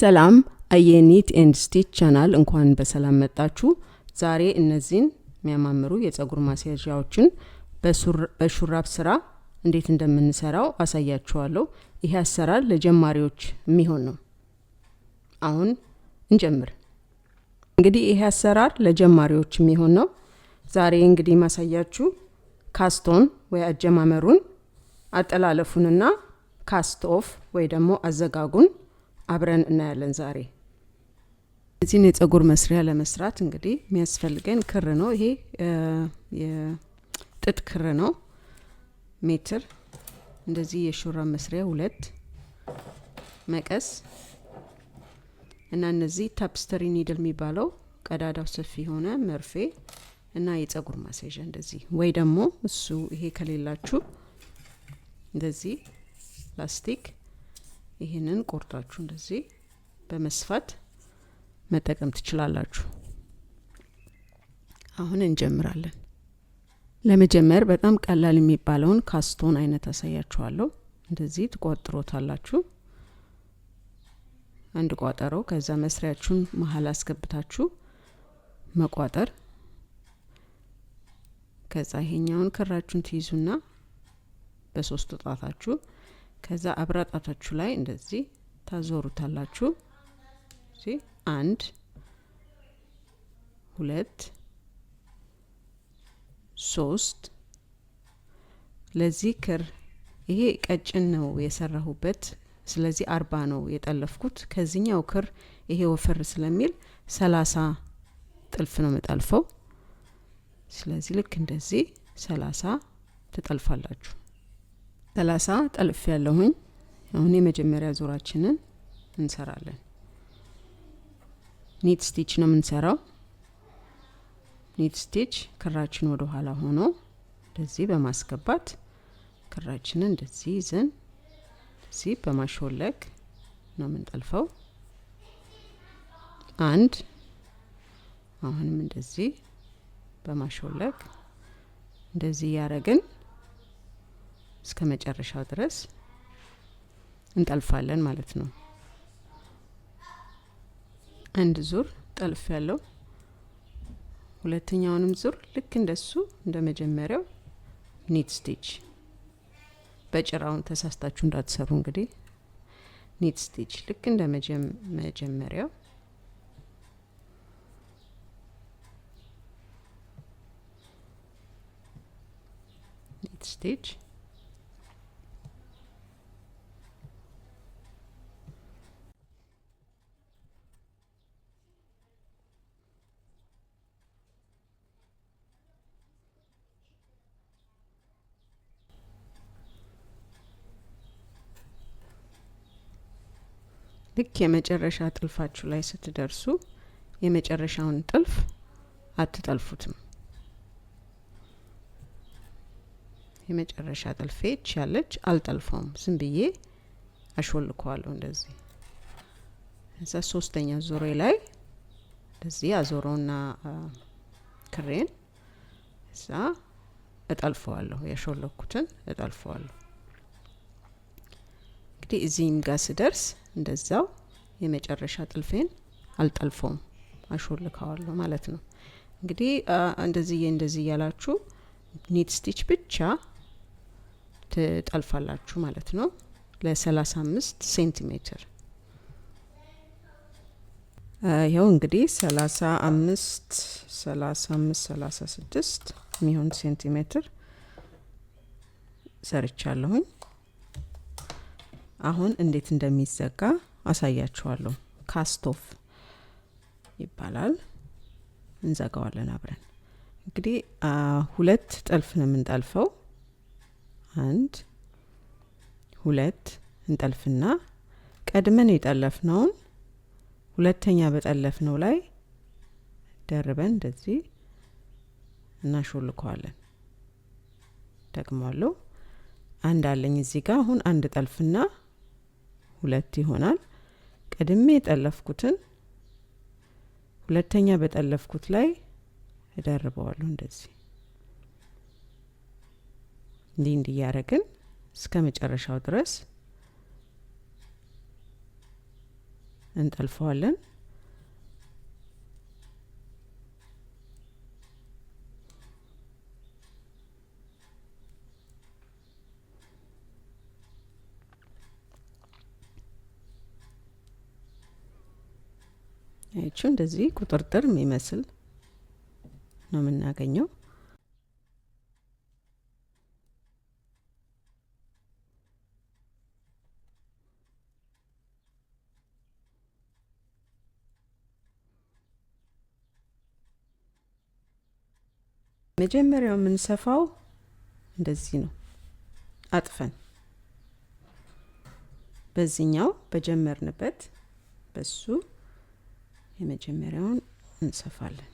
ሰላም አየኒት ኤንድ ስቲች ቻናል እንኳን በሰላም መጣችሁ። ዛሬ እነዚህን የሚያማምሩ የጸጉር ማስያዣዎችን በሹራብ ስራ እንዴት እንደምንሰራው አሳያችኋለሁ። ይሄ አሰራር ለጀማሪዎች የሚሆን ነው። አሁን እንጀምር። እንግዲህ ይሄ አሰራር ለጀማሪዎች የሚሆን ነው። ዛሬ እንግዲህ ማሳያችሁ ካስቶን ወይ አጀማመሩን አጠላለፉንና ካስት ኦፍ ወይ ደግሞ አዘጋጉን አብረን እናያለን ዛሬ። እዚህን የጸጉር መስሪያ ለመስራት እንግዲህ የሚያስፈልገን ክር ነው። ይሄ የጥጥ ክር ነው። ሜትር እንደዚህ የሹራ መስሪያ ሁለት መቀስ እና እነዚህ ታፕስተሪ ኒድል የሚባለው ቀዳዳው ሰፊ የሆነ መርፌ እና የጸጉር ማስያዣ እንደዚህ ወይ ደግሞ እሱ ይሄ ከሌላችሁ እንደዚህ ላስቲክ ይህንን ቆርጣችሁ እንደዚህ በመስፋት መጠቀም ትችላላችሁ። አሁን እንጀምራለን። ለመጀመር በጣም ቀላል የሚባለውን ካስቶን አይነት አሳያችኋለሁ። እንደዚህ ትቋጥሮታላችሁ። አንድ ቋጠሮ። ከዛ መስሪያችሁን መሀል አስገብታችሁ መቋጠር። ከዛ ይሄኛውን ክራችሁን ትይዙና በሶስት ጣታችሁ ከዛ አብራጣታችሁ ላይ እንደዚህ ታዞሩታላችሁ። አንድ ሁለት ሶስት። ለዚህ ክር ይሄ ቀጭን ነው የሰራሁበት፣ ስለዚህ አርባ ነው የጠለፍኩት። ከዚህኛው ክር ይሄ ወፈር ስለሚል ሰላሳ ጥልፍ ነው የምጠልፈው። ስለዚህ ልክ እንደዚህ ሰላሳ ትጠልፋላችሁ። ሰላሳ ጠልፍ ያለሁኝ አሁን የመጀመሪያ ዙራችንን እንሰራለን። ኒት ስቲች ነው የምንሰራው። ኒት ስቲች ክራችን ወደ ኋላ ሆኖ እንደዚህ በማስገባት ክራችንን እንደዚህ ይዘን እዚህ በማሾለክ ነው የምንጠልፈው። አንድ አሁንም እንደዚህ በማሾለክ እንደዚህ እያረግን እስከ መጨረሻው ድረስ እንጠልፋለን ማለት ነው። አንድ ዙር ጠልፍ ያለው ሁለተኛውንም ዙር ልክ እንደሱ እንደ መጀመሪያው ኒት ስቲች በጭራውን ተሳስታችሁ እንዳትሰሩ እንግዲህ ኒት ስቲች ልክ እንደ መጀመሪያው ኒት ስቲች ልክ የመጨረሻ ጥልፋችሁ ላይ ስትደርሱ የመጨረሻውን ጥልፍ አትጠልፉትም። የመጨረሻ ጥልፌች ያለች አልጠልፈውም። ዝም ብዬ አሾልከዋለሁ እንደዚህ። እዛ ሶስተኛ ዙሬ ላይ እንደዚህ አዞረውና ክሬን እዛ እጠልፈዋለሁ። የሾለኩትን እጠልፈዋለሁ። እንግዲህ እዚህም ጋር ስደርስ እንደዛው የመጨረሻ ጥልፌን አልጠልፈውም አሾልከዋለሁ ማለት ነው። እንግዲህ እንደዚህ እንደዚህ እያላችሁ ኒት ስቲች ብቻ ትጠልፋላችሁ ማለት ነው ለ35 ሴንቲሜትር ይኸው እንግዲህ 35 35 36 የሚሆን ሴንቲሜትር ሰርቻለሁኝ። አሁን እንዴት እንደሚዘጋ አሳያችኋለሁ። ካስቶፍ ይባላል። እንዘጋዋለን አብረን። እንግዲህ ሁለት ጠልፍ ነው የምንጠልፈው። አንድ ሁለት እንጠልፍና ቀድመን የጠለፍነውን ሁለተኛ በጠለፍ ነው ላይ ደርበን እንደዚህ እናሾልከዋለን። ደግማለሁ። አንድ አለኝ እዚህ ጋር አሁን አንድ ጠልፍና ሁለት ይሆናል። ቀድሜ የጠለፍኩትን ሁለተኛ በጠለፍኩት ላይ እደርበዋለሁ። እንደዚህ እንዲህ እንዲህ እያረግን እስከ መጨረሻው ድረስ እንጠልፈዋለን። ያችሁ እንደዚህ ቁጥርጥር የሚመስል ነው የምናገኘው። መጀመሪያው የምንሰፋው እንደዚህ ነው። አጥፈን በዚህኛው በጀመርንበት በሱ የመጀመሪያውን እንሰፋለን።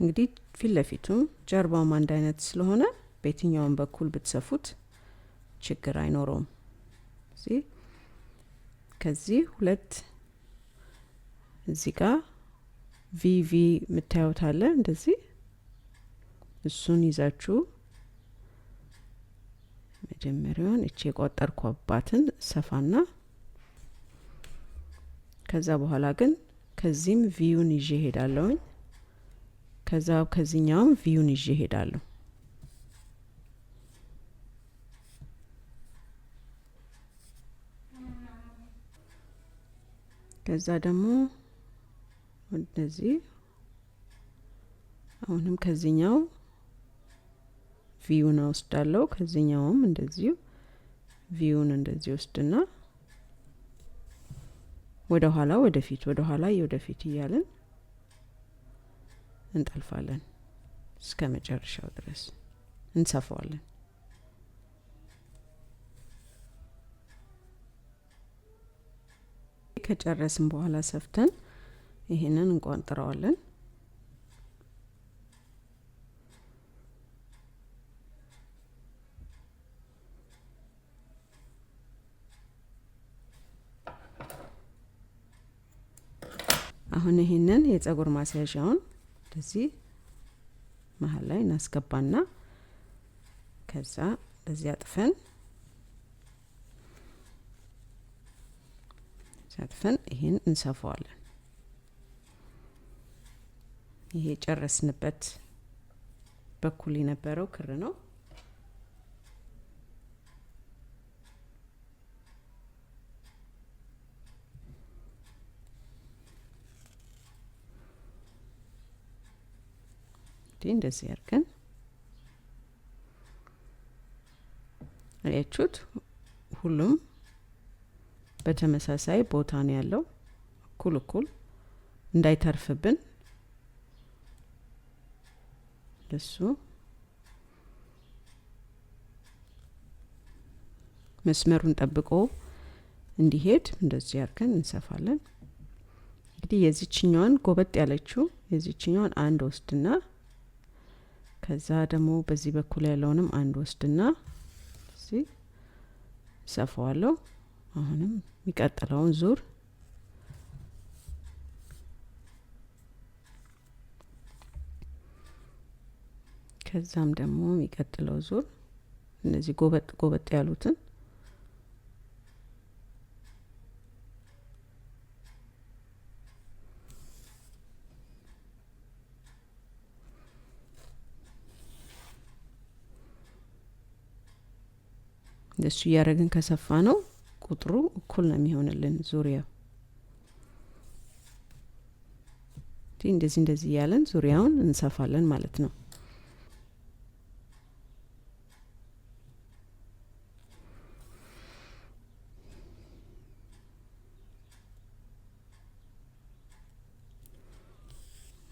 እንግዲህ ፊት ለፊቱም ጀርባውም አንድ አይነት ስለሆነ በየትኛውም በኩል ብትሰፉት ችግር አይኖረውም። እዚህ ከዚህ ሁለት እዚህ ጋር ቪቪ የምታዩት አለ እንደዚህ እሱን ይዛችሁ መጀመሪያዋን እቺ የቆጠርኳባትን ሰፋና ከዛ በኋላ ግን ከዚህም ቪዩን ይዤ ሄዳለሁኝ። ከዛ ከዚህኛውም ቪዩን ይዤ ሄዳለሁ። ከዛ ደግሞ እንደዚህ አሁንም ከዚህኛው ቪውን አወስዳለሁ። ከዚህኛውም እንደዚሁ ቪውን እንደዚህ ወስድና ወደ ኋላ ወደፊት ወደ ኋላ የወደፊት እያልን እንጠልፋለን እስከ መጨረሻው ድረስ እንሰፋዋለን። ከጨረስን በኋላ ሰፍተን ይህንን እንቋንጥረዋለን። አሁን ይህንን የጸጉር ማስያዣውን እንደዚህ መሀል ላይ እናስገባና ከዛ እንደዚህ አጥፈን አጥፈን ይህን እንሰፋዋለን። ይሄ ጨረስንበት በኩል የነበረው ክር ነው። እንግዲህ እንደዚህ አድርገን አያችሁት፣ ሁሉም በተመሳሳይ ቦታ ነው ያለው። እኩል እኩል እንዳይተርፍብን ለሱ መስመሩን ጠብቆ እንዲሄድ እንደዚህ አድርገን እንሰፋለን። እንግዲህ የዚችኛዋን ጎበጥ ያለችው የዚችኛዋን አንድ ወስድና ከዛ ደግሞ በዚህ በኩል ያለውንም አንድ ወስድና እዚህ ሰፋዋለሁ። አሁንም የሚቀጥለውን ዙር ከዛም ደግሞ የሚቀጥለው ዙር እነዚህ ጎበጥ ጎበጥ ያሉትን እሱ እያደረግን ከሰፋ ነው ቁጥሩ እኩል ነው የሚሆንልን ዙሪያው እንደዚህ እንደዚህ እያለን ዙሪያውን እንሰፋለን ማለት ነው።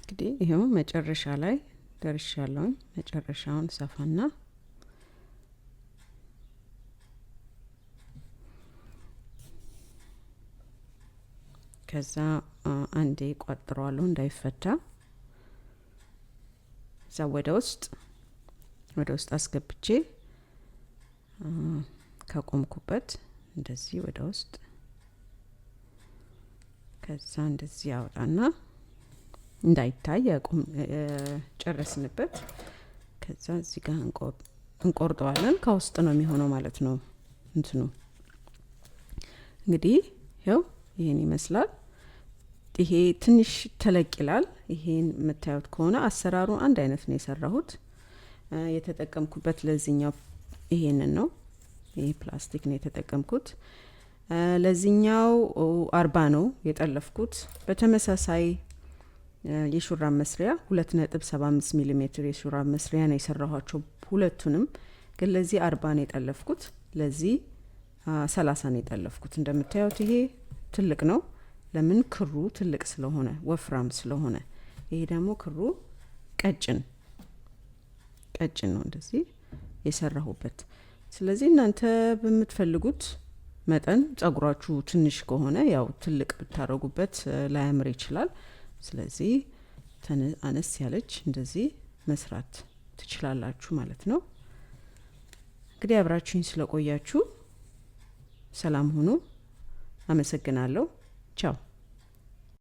እንግዲህ ይኸው መጨረሻ ላይ ደርሻለሁኝ። መጨረሻውን ሰፋና ከዛ አንዴ ቋጥሯለሁ እንዳይፈታ። እዛ ወደ ውስጥ ወደ ውስጥ አስገብቼ ከቆምኩበት እንደዚህ ወደ ውስጥ ከዛ እንደዚህ አወጣና እንዳይታይ ጨረስንበት። ከዛ እዚህ ጋር እንቆርጠዋለን። ከውስጥ ነው የሚሆነው ማለት ነው። እንትኑ እንግዲህ ያው ይህን ይመስላል። ይሄ ትንሽ ተለቅ ይላል። ይሄን የምታዩት ከሆነ አሰራሩ አንድ አይነት ነው የሰራሁት። የተጠቀምኩበት ለዚኛው ይሄንን ነው። ይሄ ፕላስቲክ ነው የተጠቀምኩት። ለዚኛው አርባ ነው የጠለፍኩት። በተመሳሳይ የሹራብ መስሪያ ሁለት ነጥብ ሰባ አምስት ሚሊ ሜትር የሹራብ መስሪያ ነው የሰራኋቸው ሁለቱንም። ግን ለዚህ አርባ ነው የጠለፍኩት፣ ለዚህ ሰላሳ ነው የጠለፍኩት። እንደምታዩት ይሄ ትልቅ ነው። ለምን ክሩ ትልቅ ስለሆነ ወፍራም ስለሆነ፣ ይሄ ደግሞ ክሩ ቀጭን ቀጭን ነው እንደዚህ የሰራሁበት። ስለዚህ እናንተ በምትፈልጉት መጠን ጸጉራችሁ ትንሽ ከሆነ ያው ትልቅ ብታደረጉበት ላያምር ይችላል። ስለዚህ አነስ ያለች እንደዚህ መስራት ትችላላችሁ ማለት ነው። እንግዲህ አብራችሁኝ ስለቆያችሁ ሰላም ሁኑ። አመሰግናለሁ። Tchau.